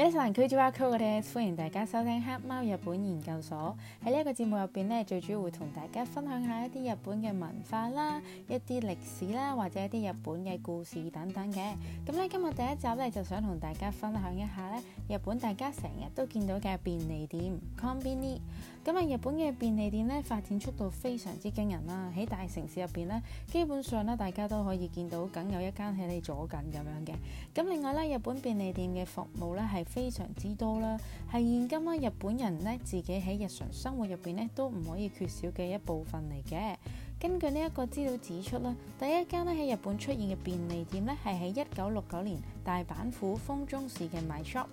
每晚拒絕話劇嗰陣，歡迎大家收聽黑貓日本研究所，喺呢一個節目入邊呢，最主要會同大家分享下一啲日本嘅文化啦、一啲歷史啦，或者一啲日本嘅故事等等嘅。咁咧，今日第一集呢，就想同大家分享一下呢日、日、日本大家成日都見到嘅便利店 （convenience）。咁啊，日本嘅便利店呢，發展速度非常之驚人啦，喺大城市入邊呢，基本上呢，大家都可以見到，梗有一間喺你左近咁樣嘅。咁另外呢，日本便利店嘅服務呢。係。非常之多啦，係現今咧日本人呢，自己喺日常生活入邊呢，都唔可以缺少嘅一部分嚟嘅。根據呢一個資料指出啦，第一間咧喺日本出現嘅便利店呢，係喺一九六九年大阪府豐中市嘅 My Shop，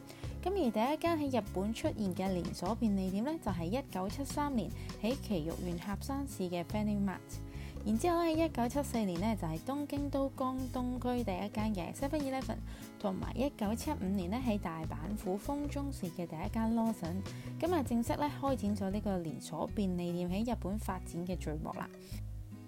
咁而第一間喺日本出現嘅連鎖便利店呢，就係一九七三年喺埼玉縣狹山市嘅 Family Mart。然之後咧，一九七四年呢，就係、是、東京都江東區第一間嘅 Seven Eleven，同埋一九七五年呢，喺大阪府豐中市嘅第一間 Lawson，噉咪正式咧開展咗呢個連鎖便利店喺日本發展嘅序幕啦。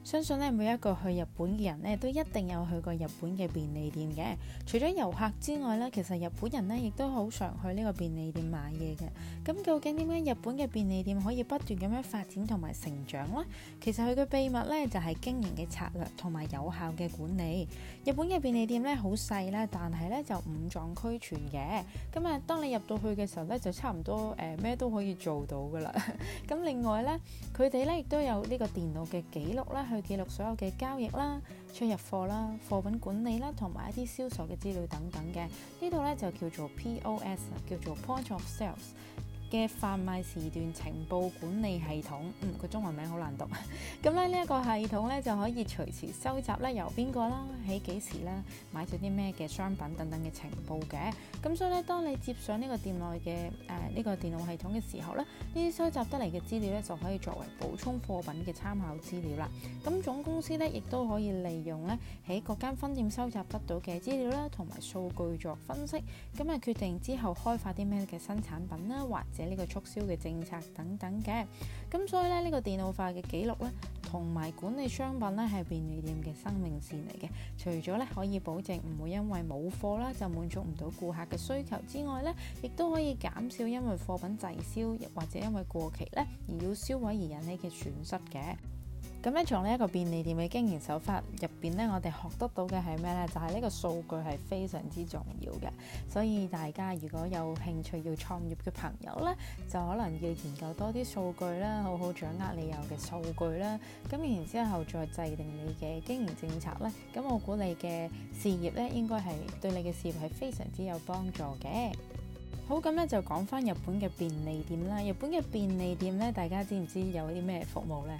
相信咧每一個去日本嘅人咧，都一定有去過日本嘅便利店嘅。除咗遊客之外咧，其實日本人咧亦都好常去呢個便利店買嘢嘅。咁究竟點解日本嘅便利店可以不斷咁樣發展同埋成長咧？其實佢嘅秘密咧就係、是、經營嘅策略同埋有效嘅管理。日本嘅便利店咧好細啦，但係咧就五臟俱全嘅。咁啊，當你入到去嘅時候咧，就差唔多誒咩、呃、都可以做到噶啦。咁 另外咧，佢哋咧亦都有呢個電腦嘅記錄啦。去記錄所有嘅交易啦、出入貨啦、貨品管理啦，同埋一啲銷售嘅資料等等嘅，呢度咧就叫做 POS，叫做 Point of Sales。嘅販賣時段情報管理系統，嗯，個中文名好難讀。咁咧呢一個系統咧就可以隨時收集咧由邊個啦，喺幾時咧買咗啲咩嘅商品等等嘅情報嘅。咁、嗯、所以咧，當你接上呢個店內嘅誒呢個電腦系統嘅時候咧，呢啲收集得嚟嘅資料咧就可以作為補充貨品嘅參考資料啦。咁、嗯、總公司咧亦都可以利用咧喺各間分店收集得到嘅資料啦，同埋數據作分析，咁、嗯、啊決定之後開發啲咩嘅新產品啦，或或者呢個促銷嘅政策等等嘅，咁所以咧呢個電腦化嘅記錄咧，同埋管理商品咧係便利店嘅生命線嚟嘅。除咗咧可以保證唔會因為冇貨啦就滿足唔到顧客嘅需求之外咧，亦都可以減少因為貨品滯銷，或者因為過期咧而要銷毀而引起嘅損失嘅。咁咧，從呢一個便利店嘅經營手法入邊咧，我哋學得到嘅係咩咧？就係呢個數據係非常之重要嘅。所以大家如果有興趣要創業嘅朋友咧，就可能要研究多啲數據啦，好好掌握你有嘅數據啦。咁然之後再制定你嘅經營政策咧。咁我估你嘅事業咧，應該係對你嘅事業係非常之有幫助嘅。好，咁咧就講翻日本嘅便利店啦。日本嘅便利店咧，大家知唔知有啲咩服務咧？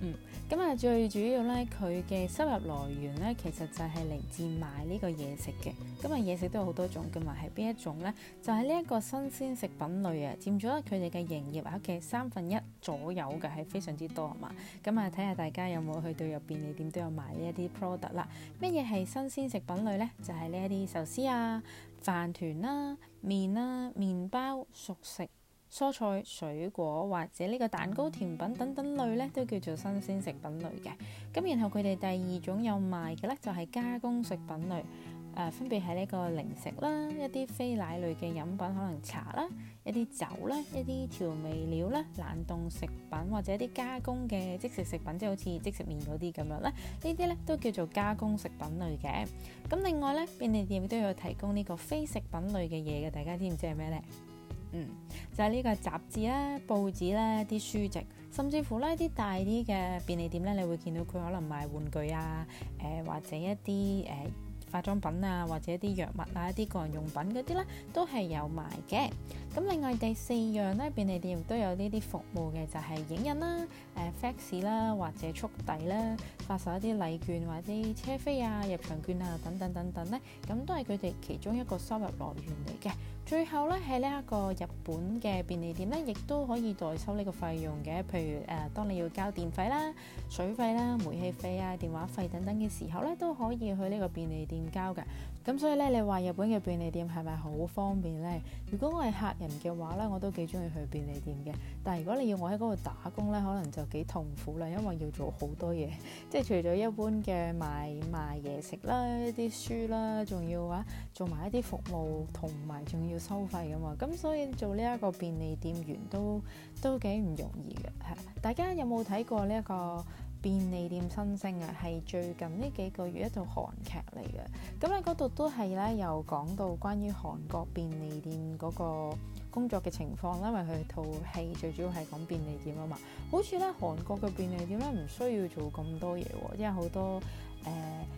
嗯，咁啊最主要咧，佢嘅收入來源咧，其實就係嚟自賣呢個嘢食嘅。咁啊，嘢食都有好多種，㗎嘛。係邊一種呢？就係呢一個新鮮食品類啊，佔咗佢哋嘅營業額嘅三分一左右嘅，係非常之多啊嘛。咁啊，睇下大家有冇去到入便利店都有賣呢一啲 product 啦。乜嘢係新鮮食品類呢？就係呢一啲壽司啊、飯糰啦、啊、麵啦、啊啊、麵包、熟食。蔬菜、水果或者呢個蛋糕、甜品等等類咧，都叫做新鮮食品類嘅。咁然後佢哋第二種有賣嘅咧，就係加工食品類，誒分別係呢個零食啦，一啲非奶類嘅飲品，可能茶啦，一啲酒啦，一啲調味料啦，冷凍食品或者一啲加工嘅即食食品，即係好似即食麵嗰啲咁樣咧。呢啲咧都叫做加工食品類嘅。咁另外咧，便利店亦都有提供呢個非食品類嘅嘢嘅，大家知唔知係咩咧？嗯、就係、是、呢個雜誌啦、報紙啦、啲書籍，甚至乎呢啲大啲嘅便利店呢，你會見到佢可能賣玩具啊、誒或者一啲誒化妝品啊，或者一啲藥、呃、物啊、一啲個人用品嗰啲咧，都係有賣嘅。咁另外第四樣呢，便利店亦都有呢啲服務嘅，就係、是、影印啦、誒 fax 啦、ax，或者速遞啦、發售一啲禮券或者車飛啊、入場券啊等等等等呢，咁都係佢哋其中一個收入來源嚟嘅。最後咧，喺呢一個日本嘅便利店咧，亦都可以代收呢個費用嘅。譬如誒、呃，當你要交電費啦、水費啦、煤氣費啊、電話費等等嘅時候咧，都可以去呢個便利店交嘅。咁所以咧，你話日本嘅便利店係咪好方便呢？如果我係客人嘅話咧，我都幾鍾意去便利店嘅。但係如果你要我喺嗰度打工咧，可能就幾痛苦啦，因為要做好多嘢，即係除咗一般嘅賣賣嘢食啦、一啲書啦，仲要啊，做埋一啲服務，同埋仲要。收費嘅嘛，咁所以做呢一個便利店員都都幾唔容易嘅，係。大家有冇睇過呢一個便利店新星啊？係最近呢幾個月一套韓劇嚟嘅，咁喺嗰度都係咧，又講到關於韓國便利店嗰個工作嘅情況，因為佢套戲最主要係講便利店啊嘛。好似咧韓國嘅便利店咧，唔需要做咁多嘢喎，因為好多。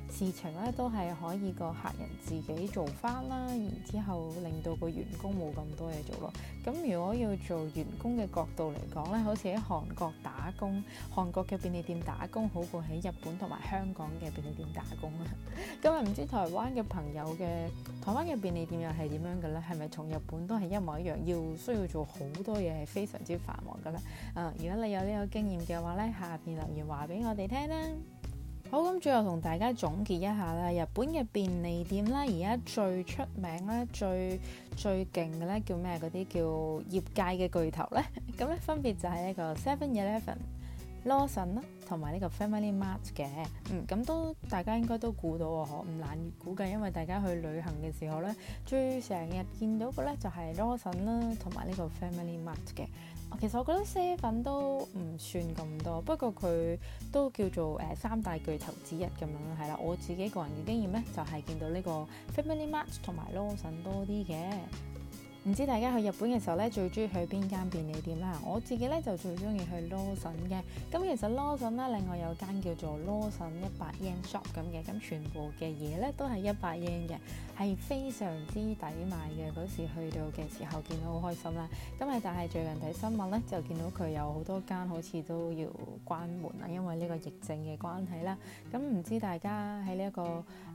誒，事情咧都係可以個客人自己做翻啦，然之後令到個員工冇咁多嘢做咯。咁如果要做員工嘅角度嚟講咧，好似喺韓國打工，韓國嘅便利店打工好過喺日本同埋香港嘅便利店打工啦。咁啊唔知台灣嘅朋友嘅台灣嘅便利店又係點樣嘅咧？係咪同日本都係一模一樣，要需要做好多嘢係非常之繁忙噶咧？啊、嗯，如果你有呢個經驗嘅話咧，下邊留言話俾我哋聽啦～好咁，最後同大家總結一下啦，日本嘅便利店咧，而家最出名咧，最最勁嘅咧，叫咩？嗰啲叫業界嘅巨頭咧，咁咧分別就係呢個 Seven Eleven。Lawson 啦，同埋呢個 Family Mart 嘅，嗯，咁都大家應該都估到喎，可唔難估計，因為大家去旅行嘅時候咧，最成日見到個咧就係 Lawson 啦，同埋呢個 Family Mart 嘅。其實我覺得 Seven 都唔算咁多，不過佢都叫做誒、呃、三大巨頭之一咁樣啦，係啦。我自己個人嘅經驗咧，就係、是、見到呢個 Family Mart 同埋 Lawson 多啲嘅。唔知大家去日本嘅時候咧，最中意去邊間便利店啦？我自己咧就最中意去 l 羅森嘅。咁、嗯、其實羅森咧，另外有間叫做 l 羅森一百 yen shop 咁嘅，咁全部嘅嘢咧都係一百 yen 嘅，係非常之抵買嘅。嗰時去到嘅時候，見到好開心啦。咁、嗯、啊，但係最近睇新聞咧，就見到佢有好多間好似都要關門啦，因為呢個疫症嘅關係啦。咁、嗯、唔知大家喺呢一個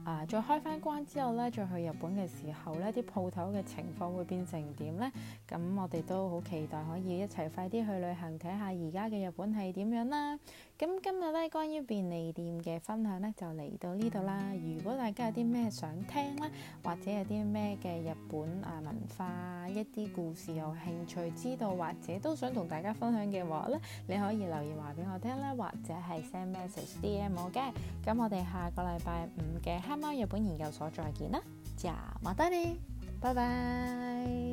啊、呃、再開翻關之後咧，再去日本嘅時候咧，啲鋪頭嘅情況會變成？成點咧？咁我哋都好期待可以一齊快啲去旅行，睇下而家嘅日本係點樣啦。咁今日呢，關於便利店嘅分享呢，就嚟到呢度啦。如果大家有啲咩想聽啦，或者有啲咩嘅日本啊文化一啲故事有興趣知道，或者都想同大家分享嘅話呢，你可以留言話俾我聽啦，或者係 send message D M 我嘅。咁我哋下個禮拜五嘅黑貓日本研究所再見啦 c h e 拜拜。